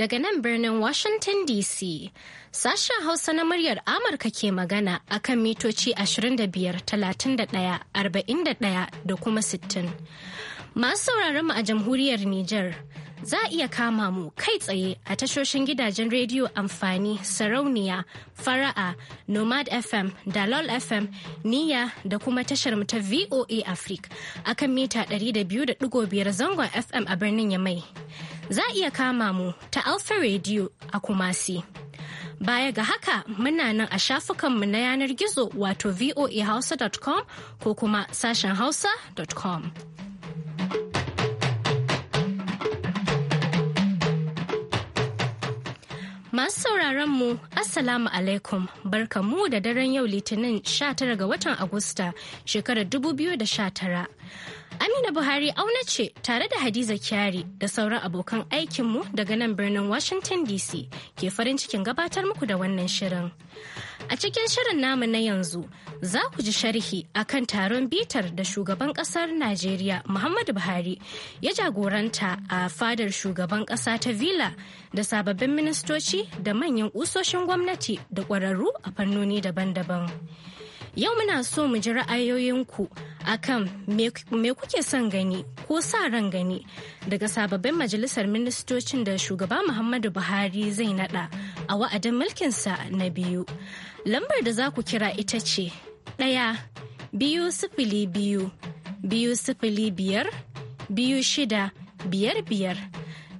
daga nan birnin Washington DC. Sashen Hausa na muryar Amurka ke magana a kan mitoci 25, 31, 41 da kuma 60. Masu sauraron mu a jamhuriyar Nijar za a iya kama mu kai tsaye a tashoshin gidajen rediyo amfani sarauniya fara'a nomad fm dalol fm niya da kuma tashar mu ta voa africa kan mita 200.5 zangon fm a birnin yamai za a iya kama mu ta Alfa radio a kumasi Baya ga haka muna nan a shafukanmu na yanar gizo wato voahausa.com ko kuma sashen hausa.com. Masu sauraron mu Assalamu alaikum mu da daren yau litinin 19 ga watan Agusta shekarar 2019. Amina Buhari auna ce tare da Hadiza Kyari da sauran abokan aikinmu daga nan birnin Washington DC ke farin cikin gabatar muku da wannan shirin. A cikin shirin namu na yanzu za ku ji sharhi a kan taron bitar da shugaban kasar Najeriya Muhammadu Buhari ya jagoranta a fadar shugaban kasa ta Villa da sababbin ministoci da manyan kusoshin gwamnati da ƙwararru a fannoni daban-daban. Yau muna so mu ji ra'ayoyinku a kan me kuke son gani ko sa ran gani daga sababbin majalisar ministocin da shugaba Muhammadu Buhari zai nada a wa'adin mulkinsa na biyu. Lambar da za ku kira ita ce ɗaya biyu sifili biyu biyu sifili biyar biyu shida biyar biyar.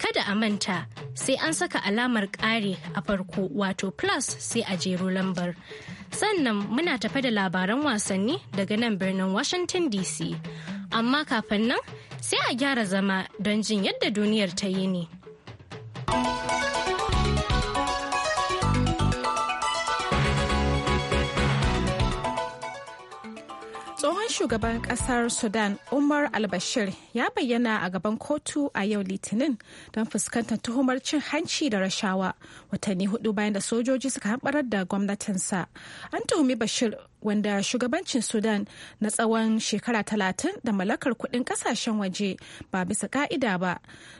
Kada a manta sai an saka alamar ƙari a farko wato plus sai a jero lambar. Sannan muna tafe da labaran wasanni daga nan birnin Washington DC. Amma kafin nan sai a gyara zama don jin yadda duniyar ta yi ne. shugaban kasar Sudan Umar al ya bayyana a gaban kotu a yau Litinin don fuskantar tuhumar cin hanci da rashawa watanni hudu bayan da sojoji suka hamɓarar da gwamnatinsa. An tuhumi Bashir wanda shugabancin sudan na tsawon shekara talatin da mallakar kudin kasashen waje ba bisa ka'ida ba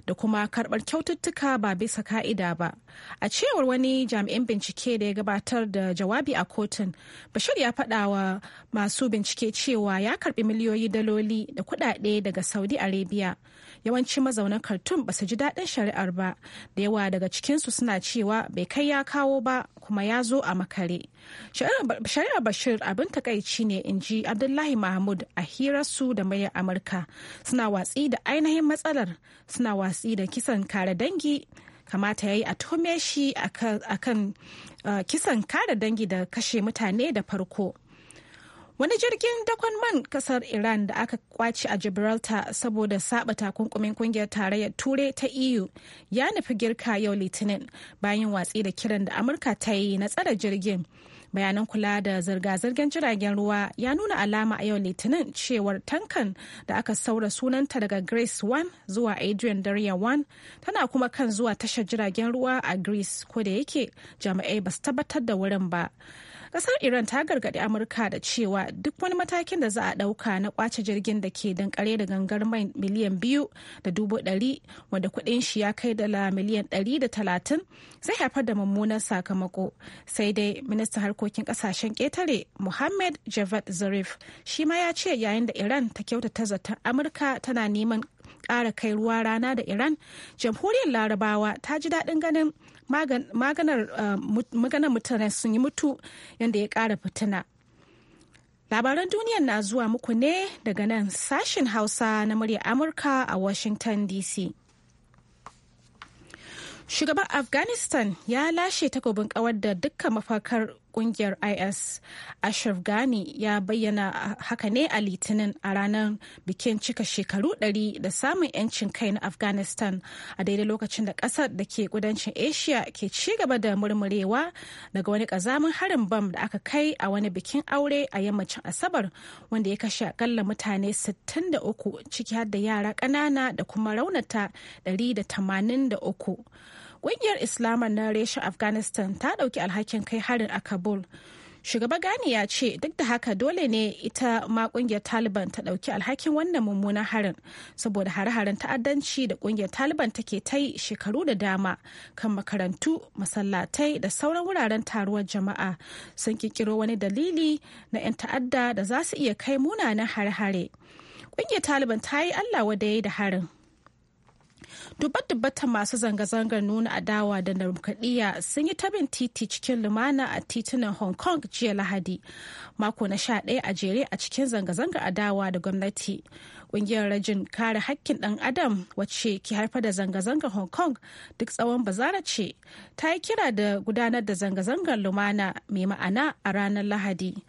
da kuma karbar kyaututtuka ba bisa ka'ida ba a cewar wani jami'in bincike da ya gabatar da jawabi a kotun bashir ya faɗa wa masu bincike cewa ya karbi miliyoyi daloli da kudade daga saudi arabia yawanci mazaunan khartoum ba su ji daɗin shari'ar ba da yawa daga cikinsu suna cewa bai kai ya kawo ba kuma ya zo a makare shari'ar bashir abin takaici ne in ji abdullahi mahmud a hirarsu da mai amurka suna watsi da ainihin matsalar suna watsi da kisan kare dangi kamata ya yi a tuhume shi akan uh, kisan kare dangi da kashe mutane da farko wani jirgin dakon man kasar iran da aka kwace a gibraltar saboda saba takunkumin kungiyar tarayyar turai ta eu ya nufi girka yau litinin bayan watsi da kiran da amurka ta yi na tsare jirgin bayanan kula da zirga-zirgar jiragen ruwa ya nuna alama a yau litinin cewar tankan da aka saura sunanta daga grace 1 zuwa adrian darya 1 tana kuma kan zuwa tashar jiragen ruwa a greece ko da yake jami'ai ba su tabbatar da wurin ba Kasar Iran ta gargaɗi Amurka da cewa duk wani matakin da za a ɗauka na kwace jirgin da ke dankare da gangar mai miliyan biyu da dubu dari wanda kuɗin shi ya kai dala miliyan ɗari da talatin zai haifar da mummunan sakamako. Sai dai ministan harkokin ƙasashen ƙetare Mohammed Javad Zarif shi ma ya ce yayin da Iran ta kyautata zaton Amurka tana neman kara kai ruwa rana da Iran, jamhuriyar Larabawa ta ji daɗin ganin Uh, maganar mutane sun yi mutu yadda ya ƙara fitina labaran duniya na zuwa muku ne daga nan sashen hausa na murya amurka a washington dc shugaban afghanistan ya lashe takobin kawar da dukkan mafakar kungiyar is ashraf ghani ya bayyana haka ne a litinin a ranar bikin cika shekaru 100 da samun 'yancin kai na afghanistan a daidai lokacin da kasar da ke kudancin asia ke ci gaba da murmurewa daga wani kazamin harin bam da aka kai a wani bikin aure a yammacin asabar wanda ya kashe akalla mutane 63 ciki har da yara ƙanana da kuma raunata 183 Ƙungiyar Islama na reshen Afghanistan ta ɗauki alhakin kai harin a Kabul. Shugaba Gani ya ce duk da haka dole ne ita ma ƙungiyar Taliban ta ɗauki alhakin wannan mummunan harin saboda hare-haren ta'addanci da ƙungiyar Taliban take ta yi shekaru da dama kan makarantu, masallatai da sauran wuraren taruwar jama'a sun ƙirƙiro wani dalili na 'yan ta'adda da za su iya kai munanan hare-hare. Ƙungiyar Taliban ta yi Allah da ya da harin dubba ta masu zanga-zangar nuna adawa da demokradiyya sun yi tabin titi cikin lumana a titunan hong kong jiya lahadi mako na sha ɗaya a jere a cikin zanga-zangar adawa da gwamnati ƙungiyar rajin kare hakkin ɗan adam wacce ke haifar da zanga-zangar hong kong duk tsawon bazara ce ta yi kira da gudanar da zanga-zangar lumana mai ma'ana a ranar lahadi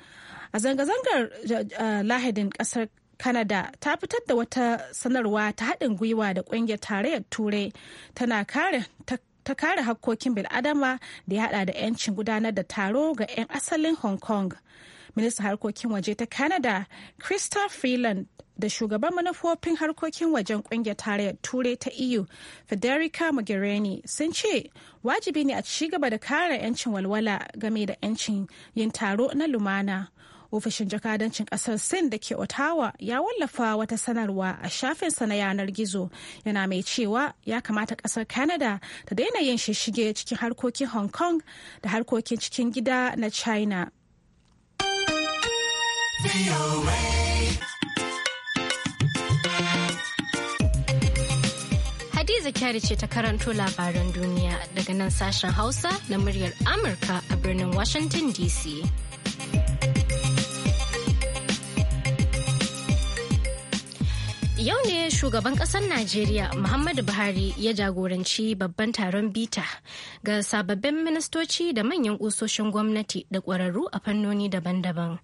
a zanga-zangar eh, lahadin kasar Canada ta fitar da wata sanarwa ta haɗin gwiwa da ƙungiyar tarayyar Turai tana kare ta kare hakkokin bil'adama da ya hada da 'yancin gudanar da taro ga 'yan asalin hong kong ministan harkokin waje ta canada krista freeland da shugaban manufofin harkokin wajen kungiyar tarayyar turai ta eu federica mogherini sun ce wajibi ne a ci gaba da kare 'yancin walwala game da 'yancin yin taro na lumana ofishin jakadancin kasar sin da ke ottawa ya wallafa wata sanarwa a shafinsa na yanar gizo yana mai cewa ya kamata kasar canada ta daina yin shishige cikin harkokin hong kong da harkokin cikin gida na china Hadiza Kyari ce ta karanto labaran duniya daga nan sashen Hausa na muryar Amurka a birnin Washington DC. Yau ne shugaban ƙasar Najeriya Muhammadu Buhari ya jagoranci babban taron bita ga sababbin ministoci da manyan ƙusoshin gwamnati da ƙwararru a fannoni daban-daban.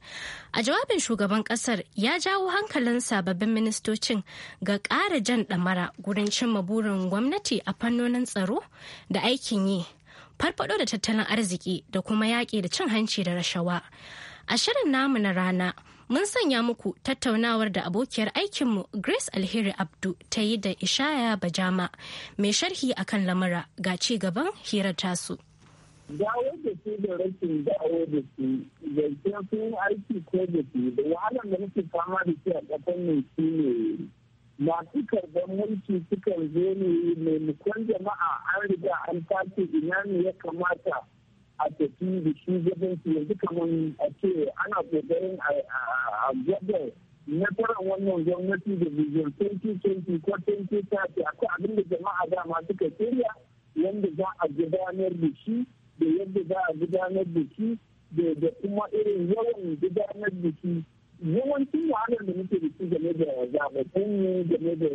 A jawabin shugaban ƙasar ya jawo hankalin sababbin ministocin ga ƙara jan ɗamara gurin cimma burin gwamnati a fannonin tsaro da aikin yi, farfaɗo da tattalin arziki da kuma yaƙi da cin hanci da rashawa. A shirin namu na rana. mun sanya muku tattaunawar da abokiyar aikinmu Grace Alheri Abdu ta yi da Ishaya Bajama mai sharhi a kan lamura ga ci gaban hirar tasu. dawo da su da rashin dawo da su da sun aiki ko da su da wahalar da muke fama da shi a ƙasar mai shi ne masu karɓar mulki sukan zo ne mai mukon jama'a an riga an tace ina ne ya kamata a tafi da shugabanci yanzu kamar a ce ana kokarin a gwada nasarar wannan gwamnati da vision 2020 ko 2030 akwai abin da jama'a dama suka shirya yadda za a gudanar da shi da yadda za a gudanar da shi da kuma irin yawan gudanar da shi yawancin wahalar da muke da shi game da zaɓaɓɓun game da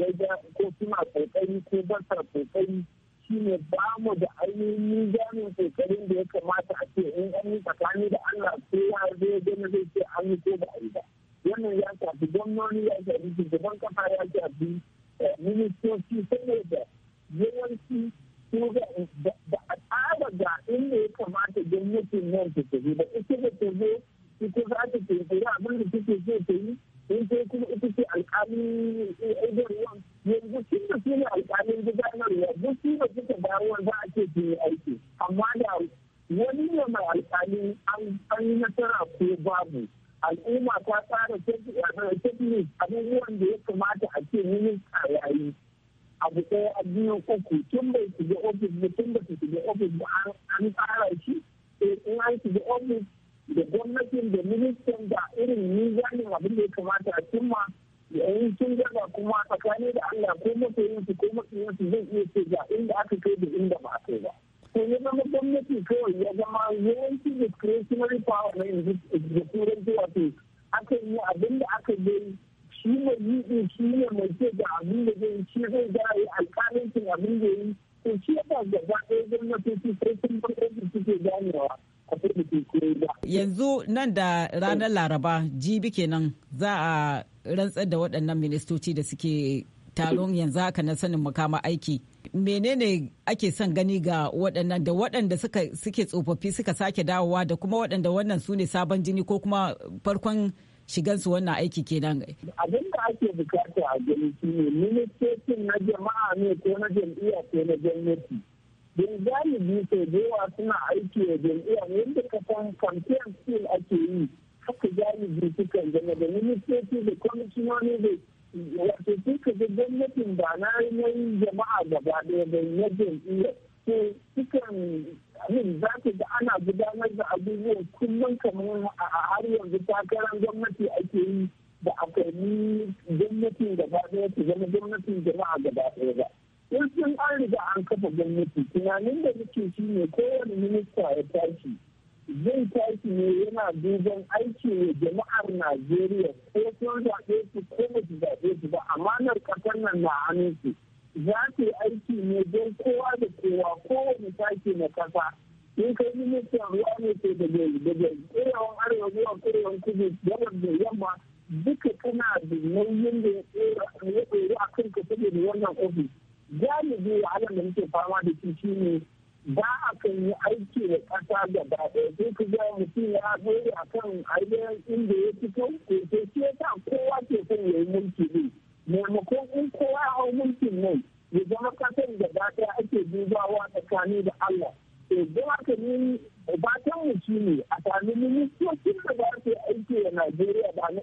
yadda ko suna kokari ko ba sa kokari shi ne ba mu da ainihin jami'in shekarun da ya kamata a ce in an yi tsakani da Allah ko ya zo gani zai ce an yi ko ba a yi ba wannan ya shafi gwamnoni ya shafi shugaban kafa ya shafi eh, ministoci saboda yawanci da a tsara ga inda ya kamata gwamnatin nan ta tafi ba ita da ta zo ita za ta tafi abin da take so ta yi in kuma ita ce alƙalin eh, aidarwan sun aiki amma da wani ne mai alƙali an yi nasara ko babu al'umma ta tsara teknik abubuwan da ya kamata a ce minista ya yi abu ɗaya a biyu uku tun bai shiga ofis ba tun ba su shiga ofis ba an tsara shi in an shiga ofis da gwamnatin da ministan da irin nizanin abin da ya kamata a cimma yayin sun kuma tsakani da Allah ko masoyin su ko masoyin su zai iya ce ga inda aka kai da inda ba a kai ba to ya zama gwamnati kawai ya zama yawanci discretionary power na yanzu da turanci wato aka yi abin da aka yi shi ne yi shi ne mai ce ga abin da zai shi zai ga yi alƙalancin abin da yi to shi ya ba gaba ɗaya gwamnatoci sai sun bar suke ganewa Yanzu nan da ranar Laraba jibi kenan za a rantsar da waɗannan ministoci da suke taron yanzu haka na sanin makama aiki. Menene ake son gani ga waɗannan da waɗanda suke tsofaffi suka sake dawowa da kuma waɗanda wannan su ne sabon jini ko kuma farkon shigansu wannan aiki kenan. Abin da ake bukata a gani shi ne ministocin na jama'a ne ko na jam'iyya ko na gwamnati. don galibi sau da suna aiki wa jam'iyya wanda ka san kamfiyan still ake yi haka galibi sukan zama da ministoci da kwamishinoni da wato sun ka ga gwamnatin ba na yi jama'a gaba daya da na jam'iyya ko sukan abin za ka ga ana gudanar da abubuwan kullum kamar a har yanzu takarar gwamnati ake yi da akwai gwamnatin gaba daya ta zama gwamnatin jama'a gaba ɗaya ba. in sun an riga an kafa gwamnati tunanin da muke shi ne kowane minista ya tashi zai tashi ne yana duban aiki ne jama'ar najeriya ko sun zaɓe su ko ba su zaɓe su ba amanar ƙasar nan na hannun su za su yi aiki ne don kowa da kowa kowane tashi na ƙasa in kai ministan ruwa ne ke daga daga kurewan arewa zuwa kurewan kudu gabar da yamma duka kana da nauyin da ya tsoro a kanka saboda wannan ofis galibi halin da muke fama da shi shine ba a kan yi aiki da kasa da ba ɗaya sai ku ga mutum ya zoye a kan ainihin inda ya fito ko kowa ke son ya yi mulki ne maimakon in kowa ya hau mulkin nan ya zama kasan da ba ɗaya ake dubawa tsakani da Allah to don haka ni mu shi ne a sami ministocin da su na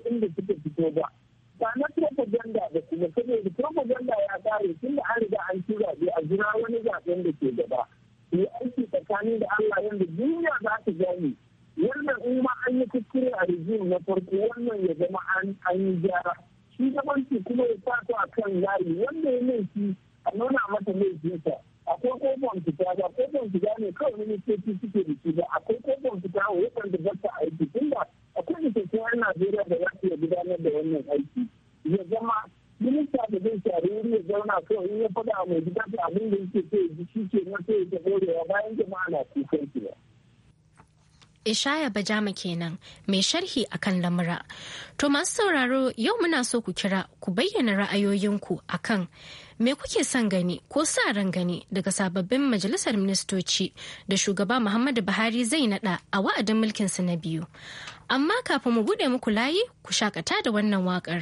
inda ba na propaganda da kuma saboda propaganda ya kare tun da an riga an tura zaɓe a jira wani zaɓen da ke gaba yi aiki tsakanin da Allah yadda duniya za ta gani wannan in ma an yi kuskure a rijim na farko wannan ya zama an yi gyara shi gabanci kuma ya sa a kan yari wanda ya laifi a nuna mata laifinsa akwai kofar fita ba kofar fita ne kawai ministoci suke da shi ba akwai kofar fita wa waɗanda za ta aiki tun da akwai hukumar najeriya da za iya gudanar da wannan aiki ya zama minista da zai tare wuri ya zauna kawai in ya faɗa a mai gida da abin da yake so ji shi ke na so ya tafi bayan jama'a na kukan ba. Ishaya Bajama kenan mai sharhi akan lamura. To masu sauraro yau muna so ku kira ku bayyana ra'ayoyinku akan me kuke son gani ko sa ran gani daga sababbin majalisar ministoci da shugaba muhammadu buhari zai nada a wa'adin mulkinsa na biyu amma kafin mu bude muku layi ku shakata da wannan waƙar.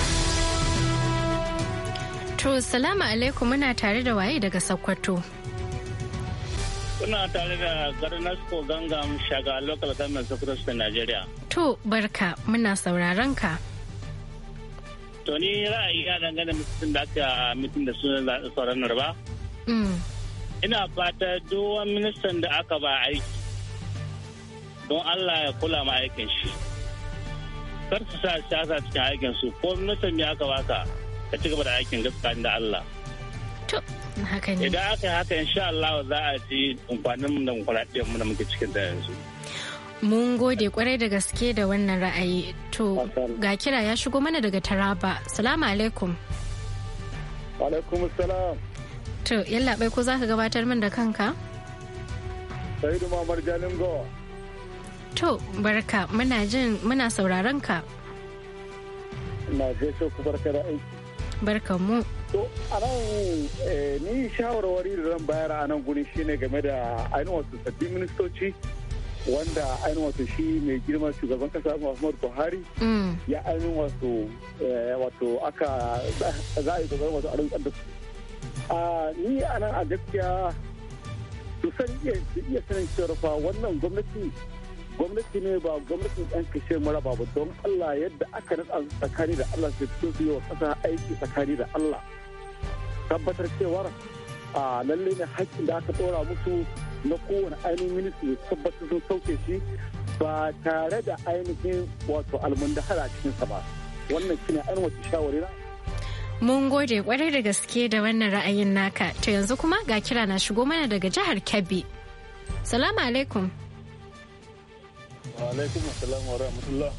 To, salamu alaikum muna tare da waye daga Sokoto. Kuna tare da Garnasco Gangam Shaga Local Government Sokoto State Nigeria. To, barka muna sauraron ka. To ni ra'ayi ya dangane mutum da aka mutum da sunan sauran ba. Mm. Ina fata duwan ministan da aka ba aiki don Allah ya kula ma aikin shi. Kar su sa siyasa cikin aikin su ko ministan ya aka baka. ka ci gaba da aikin gaskiya da Allah. haka ne. Idan aka haka insha Allah za a ji amfanin da demokuraɗiyyar mu da muke cikin da yanzu. Mun gode kwarai da gaske da wannan ra'ayi. To ga kira ya shigo mana daga Taraba. Salamu alaikum. Alaikum salam. To yalla bai ko za ka gabatar min da kanka? sai da Mamar gawa. To barka muna jin muna sauraron ka. Na gaishe ku barka da aiki. barkanmu to a nan eh, ni shawarwari da zan bayar a nan guri shine game da ainihin wasu sabbin ministoci wanda ainihin wasu shi mai girma shugaban kasa muhammadu buhari mm. ya ainihin wasu eh, wato aka za a yi kokarin wasu arin da su a ni a nan a gaskiya su san iya sanin cewa wannan gwamnati gwamnati ne ba gwamnatin yan kashe maraba ba don allah yadda aka nasa tsakani da allah su su yi wa ƙasa aiki tsakani da allah tabbatar cewar a lalle ne haƙƙin da aka ɗora musu na kowane ainihin ya tabbatar sun sauke shi ba tare da ainihin wato cikin cikinsa ba wannan shine ainihin wata shawarina Mun gode kwarai da gaske da wannan ra'ayin naka. To yanzu kuma ga kira na shigo mana daga jihar Kebbi. Salamu alaikum. Wa alaikum assalam wa rahmatullah.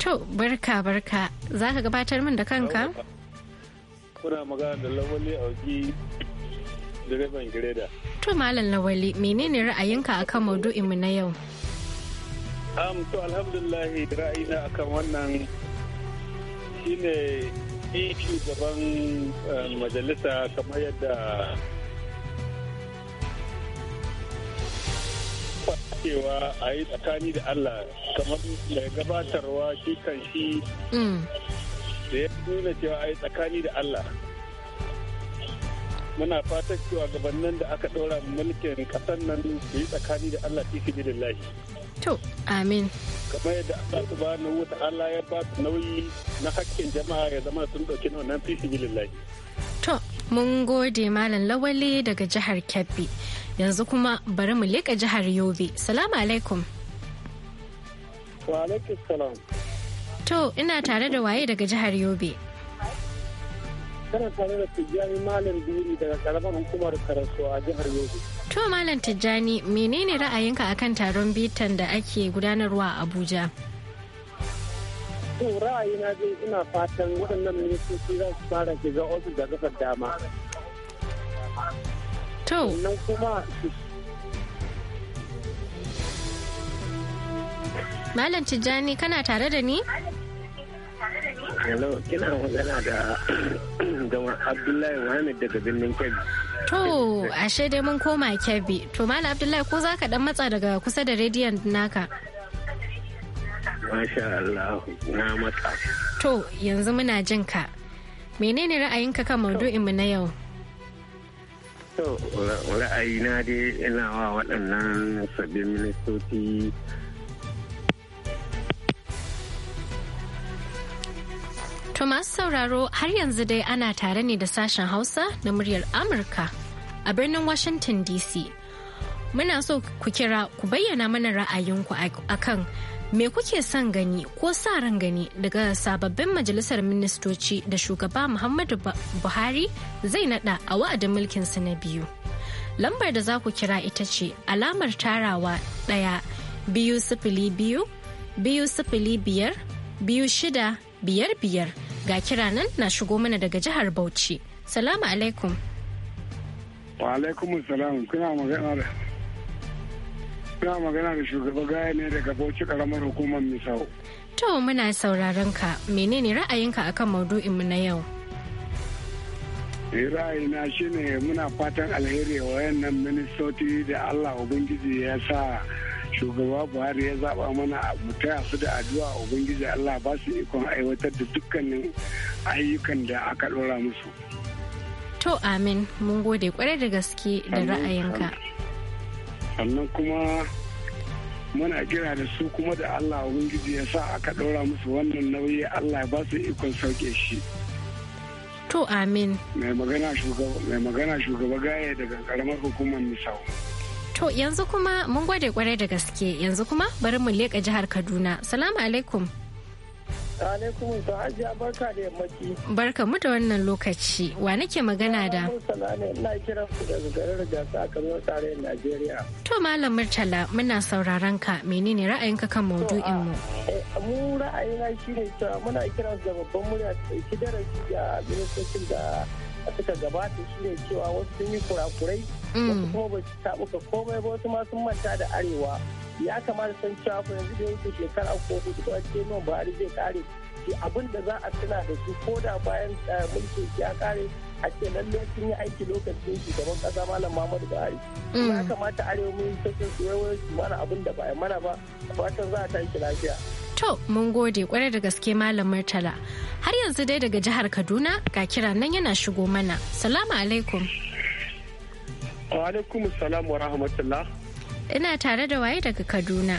To barka barka za ka gabatar min da kanka? Kuna magana da lawali a wajen direban gireda. To Malam Lawali menene ra'ayinka akan maudu'in mu na yau? am to alhamdulillah ra'ayina akan wannan shine shi shugaban eh, majalisa kamar yadda cewa a yi tsakani da Allah kamar mai gabatarwa shi kan shi mm. da ya nuna cewa a yi tsakani da Allah. Muna fatan cewa gabanin da aka ɗora mulkin ƙasar nan su yi tsakani da Allah fi fi lahi. To, amin. Kamar yadda Allah subhanahu wa Allah ya ba nauyi na hakkin jama'a ya zama sun ɗauki wannan fi fi Mun gode Malam Lawale daga jihar Kebbi. Yanzu kuma bari mu leƙa jihar Yobe. Salamu alaikum. Wa alaikum salam. To, ina tare da waye daga jihar Yobe. Kana tare da Tijjani Malam Biri daga karamar hukumar Karasuwa a jihar Yobe. To, Malam Tijjani, menene ra'ayinka akan taron bitan da ake gudanarwa a Abuja? to ra'ayina zai ina fatan waɗannan ministoci za su fara shiga ofis da kafar dama to sannan kuma Malam Tijjani kana tare da ni? Hello, kina magana da gama Abdullahi Muhammad daga birnin Kebbi. To, ashe dai mun koma Kebbi. To, Malam Abdullahi ko za ka dan matsa daga kusa da rediyon naka? Masha Allah na matsa. To yanzu muna jin ka. Menene ra'ayinka kan maudu'inmu na yau? To ra'ayi na dai ina wa waɗannan sabbin ministoci To masu sauraro har yanzu dai ana tare ne da sashen Hausa na muryar Amurka a birnin Washington DC. Muna so ku kira ku bayyana mana ra'ayinku akan Me kuke son gani ko sa ran gani daga sababbin majalisar ministoci da shugaba Muhammadu Buhari zai nada a wa'adin mulkin su na biyu? Lambar da za ku kira ita ce alamar tarawa ɗaya biyu sifili biyu biyu sifili biyar biyu shida biyar biyar ga kira nan na shigo mana daga jihar Bauchi. Salamu alaikum. Wa alaikum salam kuna magana da Ina magana da shugaba gaya daga Bauchi karamar hukumar Misau. To muna sauraron ka menene ra'ayinka akan maudu'in mu na yau? Eh, ra'ayina shine muna fatan alheri wa wayannan ministoci da Allah Ubangiji ya sa shugaba buhari ya zaba mana mu taya su da addu'a ubangiji allah ba su ikon aiwatar da dukkanin ayyukan da aka ɗora musu to amin mun gode kwarai da gaske da ra'ayinka sannan kuma muna kira da su kuma da allah ubangiji ya sa aka ɗora musu wannan nauyi allah ba su ikon sauke shi to amin mai magana shugaba gaya daga karamar hukumar misau to yanzu kuma mun gwade kwarai da gaske yanzu kuma bari mu leƙa jihar kaduna salamu alaikum Alaikum ta hajiya barka da yammaci. Barka mu da wannan lokaci. Wa nake magana da? ina kira ku daga garin Gasa a Kano Najeriya. To Malam Murtala muna sauraron ka menene ra'ayinka kan maudu'in mu? Eh, eh, mu ra'ayina shine cewa muna kiran da babban murya ki darasi ga ministocin da suka gabata shine cewa wasu sun yi kurakurai mm. wasu kuma ba su taɓuka komai ba wasu ma sun manta da arewa. ya kamata san cewa yanzu da yake shekara ko hudu ko ce nan zai kare shi abin da za a tuna da su ko da bayan eh, mulkin ya kare a ce lallai sun yi aiki lokacin shugaban kasa malam Muhammadu Buhari. Mm. Ya kamata arewa mun sassan su yawo su mana abin da ba a mana ba fatan za a tashi lafiya. To mun gode kwarai da gaske malam Murtala. Har yanzu dai daga jihar Kaduna ga kira nan yana shigo mana. Salamu alaikum. Wa alaikum salam wa rahmatullah. Ina tare da waye daga Kaduna.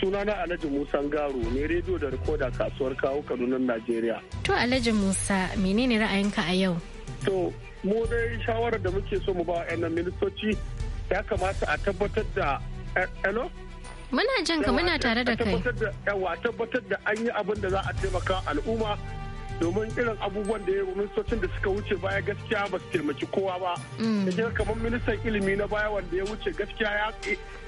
Sunana Alhaji Musa Garo ne rediyo da rikoda kasuwar kawo Kaduna Najeriya. To Alhaji Musa menene ra'ayinka a yau? To mu dai shawarar da muke so mu ba wa ministoci ya kamata a tabbatar da eh, hello? Muna jan ka muna tare da kai. a tabbatar da an yi abin da za a taimaka al'umma domin irin abubuwan da ya ministocin da suka wuce baya gaskiya ba su taimaki kowa ba da mm. kamar ministan ilimi na baya wanda ya wuce gaskiya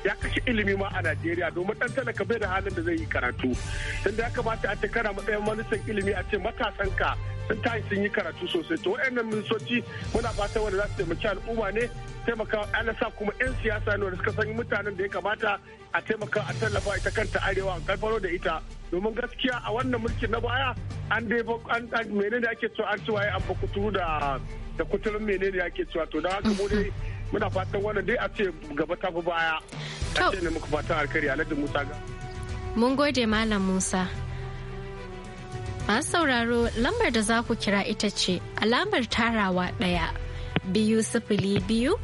ya kashe ilimi ma a najeriya domin ɗan talaka bai da halin da zai yi karatu tunda ya kamata a ce kana matsayin ministan ilimi a ce matasan ka tai sun yi karatu sosai to wayannan ministoci muna fatan wanda za su taimaki al'umma ne taimaka ana sa kuma 'yan siyasa ne wanda suka san mutanen da ya kamata a taimaka a tallafa ita kanta arewa a karfaro da ita domin gaskiya a wannan mulkin na baya an dai an menene ake cewa an cewa an kuturu da da kuturun menene ake cewa to da haka mu dai muna fatan wannan dai a ce gaba ta baya. a ce ne muku fatan alkari Alhaji Musa ga. Mun gode Malam Musa. Masu sauraro lambar da za ku kira ita ce alamar tarawa ɗaya biyu sifili biyu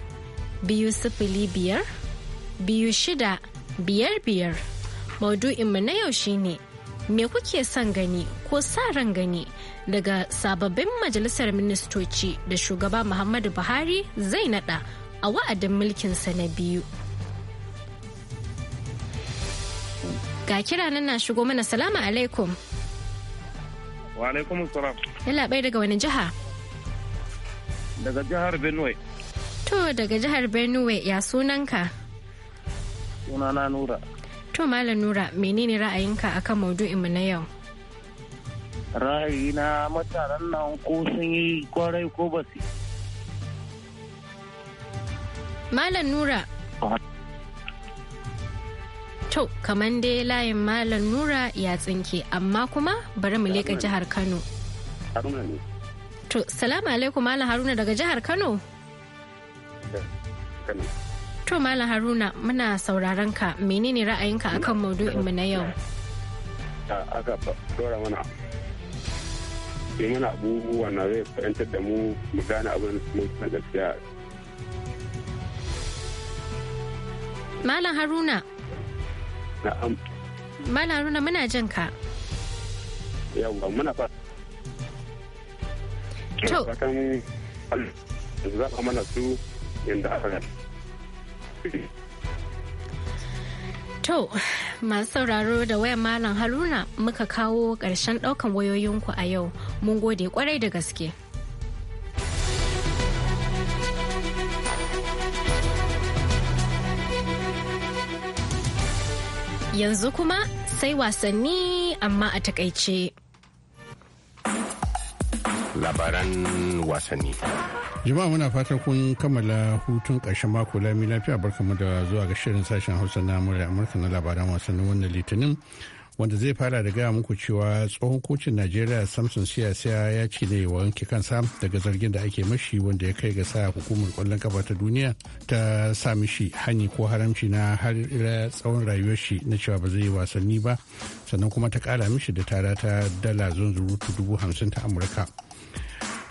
biyu sifili biyar biyu shida biyar biyar. mu na yau shine me kuke son gani ko sa ran gani daga sababbin majalisar ministoci da shugaba Muhammadu Buhari zai nada a wa'adin mulkinsa na biyu. Ga kira na shigo mana salamu alaikum. Wa alaikum daga wani jiha? jihar Benue. To daga jihar Benue ya sunanka? Sunana To Malam Nura menene ra'ayinka akan maudu'inmu na yau? Ra'ayi na mataran nan ko sun yi kwarai ko basi. Malam Nura. To, kamar dai layin Malam Nura ya tsinke, amma kuma bari mu leƙa jihar Kano. To, salamu alaikum Malam Haruna daga jihar Kano. To, Malam Haruna muna sauraron ka menene ra'ayinka akan mu na yau? Aka dora mana. Yi mana abubuwa na zai fahimtar da mu mu gane abin da gaskiya. Malam Haruna, na'am mala nuna muna jin ka yawa muna fa to fatan zaba mana su inda aka To, masu sauraro da wayan Malam Haruna muka kawo ƙarshen ɗaukan wayoyinku a yau. Mun gode kwarai da gaske. Yanzu kuma sai wasanni amma a takaice. Labaran wasanni. Jama'a muna fatan kun kammala hutun ƙarshen mako lami lafiya barkamu da zuwa ga shirin sashen Hausa na Amurka na labaran wasannin wannan litinin. wanda zai fara da gaya muku cewa tsohon kocin najeriya samson siyasa ya ce ne wanke kansa daga zargin da ake mashi wanda ya kai ga sa hukumar kwallon kafa ta duniya ta sa mishi hani ko haramci na har tsawon rayuwar shi na cewa ba zai yi wasanni ba sannan kuma ta kara mishi da tara ta dala zunzurutu dubu hamsin ta amurka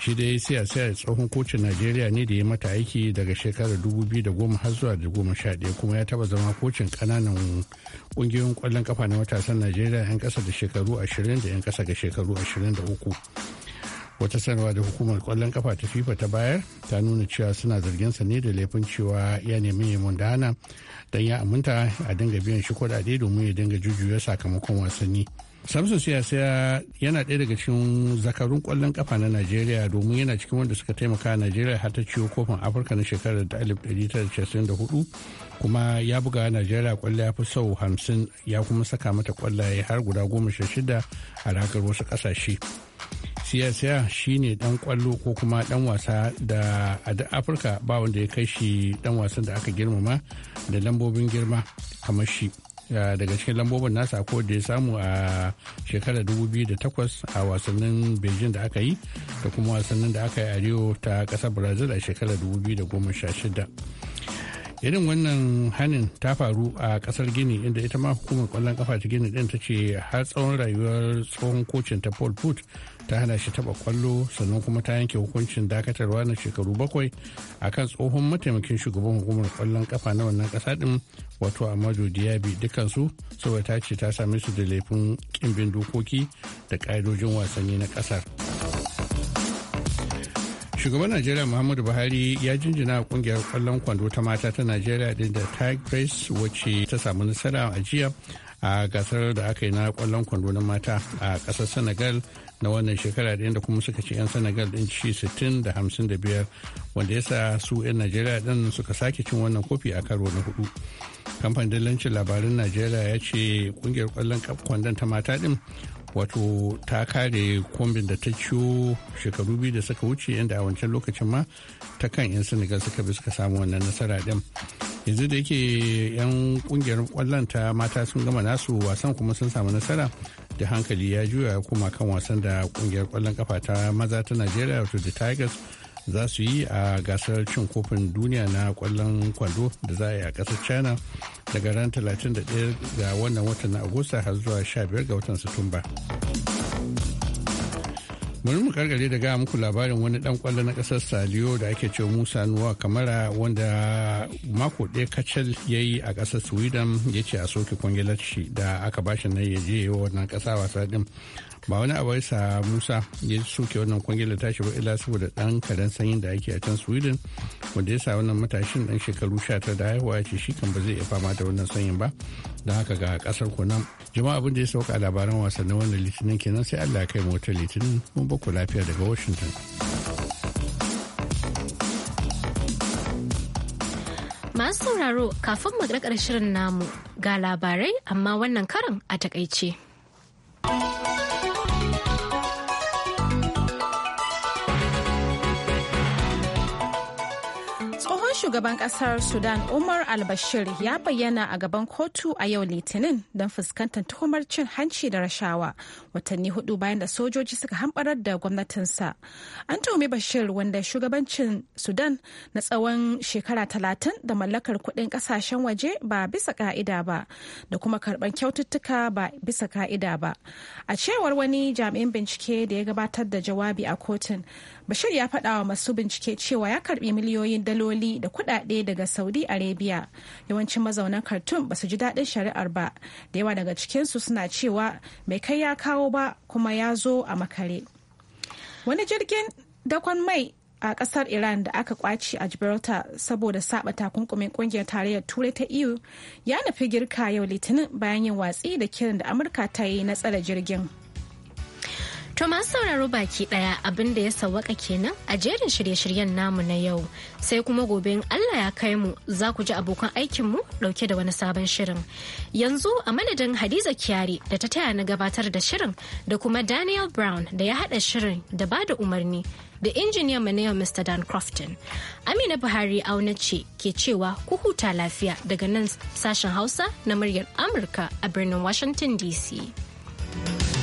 shi ya sai a sai tsohon kocin najeriya ne da ya mata aiki daga shekarar da 2010 har zuwa 2011 kuma ya taba zama kocin kananan kungiyoyin kwallon kafa na matasan najeriya 'yan kasa da shekaru 20 da 'yan kasa ga shekaru 23 wata sanarwa da hukumar kwallon kafa ta fifa ta bayar ta nuna cewa suna zargin sa ne da laifin cewa ya nemi ya mundana don ya aminta a dinga biyan shi kudade domin ya dinga jujjuya sakamakon wasanni samson siyasa yana ɗaya daga cikin zakarun ƙwallon kafa na najeriya domin yana cikin wanda suka taimaka a najeriya har ta ciwo kofin afirka na shekarar da 1994 kuma ya buga najeriya ƙwallo ya fi sau hamsin ya kuma saka mata ƙwallaye har guda goma sha shida a ragar wasu ƙasashe siyasa shine dan kwallo ko kuma ɗan wasa da a da afirka ba wanda ya kai shi ɗan wasan da aka girmama da lambobin girma kamar shi daga cikin lambobin nasa ko da ya samu a shekarar 2008 a wasannin beijing da aka yi da kuma wasannin da aka yi a rio ta kasar brazil a shekarar 2016 irin wannan hanin ta faru a kasar gini inda ita ma hukumar kwallon kafa ta gini din ta ce har tsawon rayuwar tsohon kocin ta paul put ta hana shi taba kwallo sannan kuma ta yanke hukuncin dakatarwa na shekaru bakwai a kan tsohon mataimakin shugaban hukumar kwallon kafa na wannan kasa din wato amadu diabi dukansu saboda ta ce ta same su da laifin kimbin dokoki da ka'idojin wasanni na kasar shugaban najeriya muhammadu buhari ya jinjina kungiyar kwallon kwando ta mata ta najeriya din da tigress wacce ta samu nasara a jiya a gasar da aka yi na kwallon kwando na mata a kasar senegal na wannan shekara da inda kuma suka ci 'yan senegal din ci 60 da 55 wanda ya sa su 'yan najeriya din suka sake cin wannan kofi a karo na hudu kamfanin dillancin labarin najeriya ya ce kungiyar kwallon kwandon ta mata din wato ta kare kombin da ta ciwo shekaru biyu da suka wuce yadda a wancan lokacin ma ta kan 'yan senegal suka bi suka samu wannan nasara din yanzu da yake 'yan kungiyar kwallon ta mata sun gama nasu wasan kuma sun samu nasara da hankali ya juya kuma kan wasan da kungiyar kwallon kafa ta maza ta najeriya wato the tigers za su yi a gasar cin kofin duniya na kwallon kwando da za a yi a kasar china daga ran 31 ga wannan watan agusta har zuwa 15 ga watan satumba bari mu karkare da gaya muku labarin wani dan kwallo na kasar saliyo da ake cewa musa nuwa kamara wanda mako ɗaya kacal ya yi a kasar sweden ya ce a soke kwangilar shi da aka bashi na yaje wa wannan kasa wasa din ba wani abu sa musa ya suke wannan da tashi ba illa saboda dan kadan sanyin da ake a can sweden wanda ya sa wannan matashin dan shekaru 19 da haihuwa ya ce shi kan ba zai iya fama da wannan sanyin ba don haka ga kasar nan jama'a abin da ya sauka labaran wasannin wannan litinin kenan sai allah ya kai mota litinin mun baku lafiya daga washington masu sauraro kafin mu shirin namu ga labarai amma wannan karan a takaice. shugaban kasar Sudan Umar al-Bashir ya bayyana a gaban kotu a yau Litinin don fuskantar tuhumar cin hanci da rashawa watanni hudu bayan da sojoji suka hamɓarar da gwamnatinsa. An tuhumi Bashir wanda shugabancin Sudan na tsawon shekara talatin da mallakar kuɗin ƙasashen waje ba bisa ka'ida ba da kuma karɓar kyaututtuka ba bisa ka'ida ba. A cewar wani jami'in bincike da ya gabatar da jawabi a kotun, Bashir ya faɗa wa masu bincike cewa ya karɓi miliyoyin daloli da kuɗaɗe daga saudi arabia yawancin mazaunan khartoum ba su ji daɗin shari'ar ba da yawa daga cikinsu suna cewa mai kai ya kawo ba kuma ya zo a makare wani jirgin dakon mai a ƙasar iran da aka kwaci a gibraltar saboda saba takunkumin kungiyar tarayyar turai ta eu ya nufi girka yau litinin bayan yin watsi da kiran da amurka ta yi na tsare jirgin To masu sauraro baki daya abin da ya sawwaka kenan a jerin shirye-shiryen namu na yau sai kuma gobe in Allah ya kai mu za ku ji abokan aikin mu dauke da wani sabon shirin. Yanzu a madadin Hadiza kyare da ta taya na gabatar da shirin da kuma Daniel Brown da ya hada shirin da ba da umarni da injiniyan mu na yau Mr. Dan Crofton. Amina Buhari auna ce ke cewa ku huta lafiya daga nan sashen Hausa na muryar Amurka a birnin Washington DC.